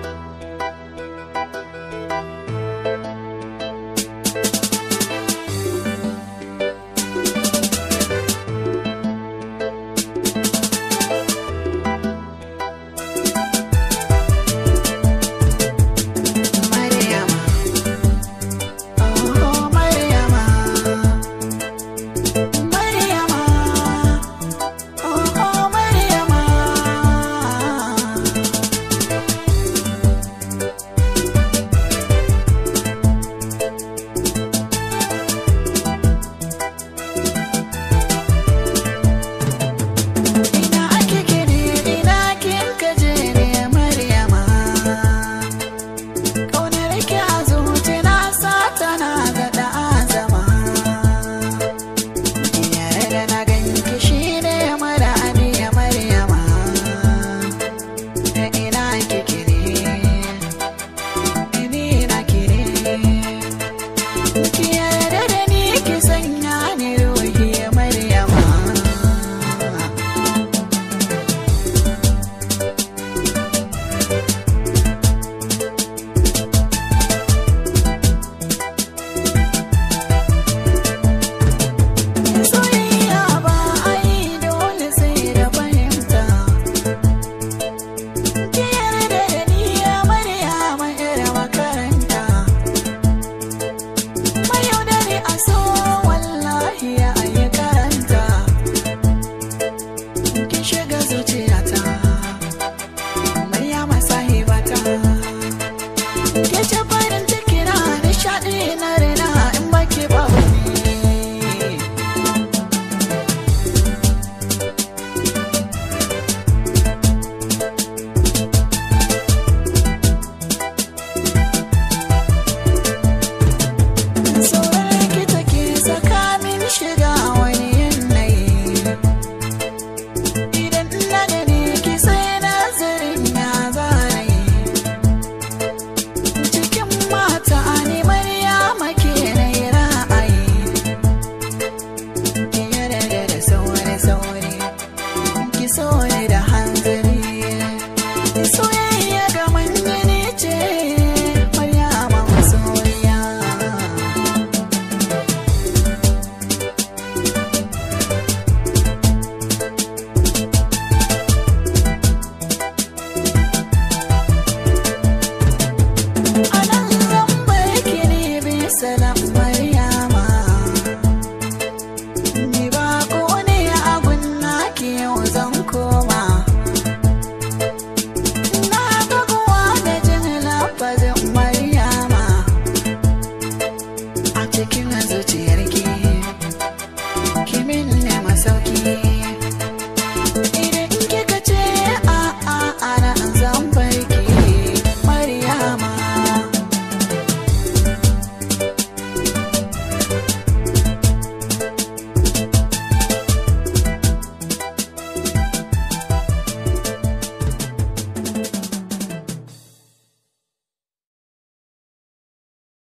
you